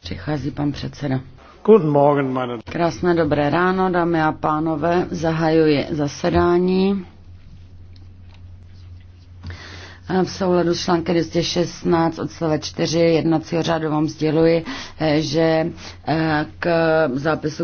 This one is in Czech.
Přichází pan předseda. Krásné dobré ráno, dámy a pánové. Zahajuji zasedání. V souladu s článkem 216 odstavec 4 jednacího řádu vám sděluji, eh, že eh, k zápisu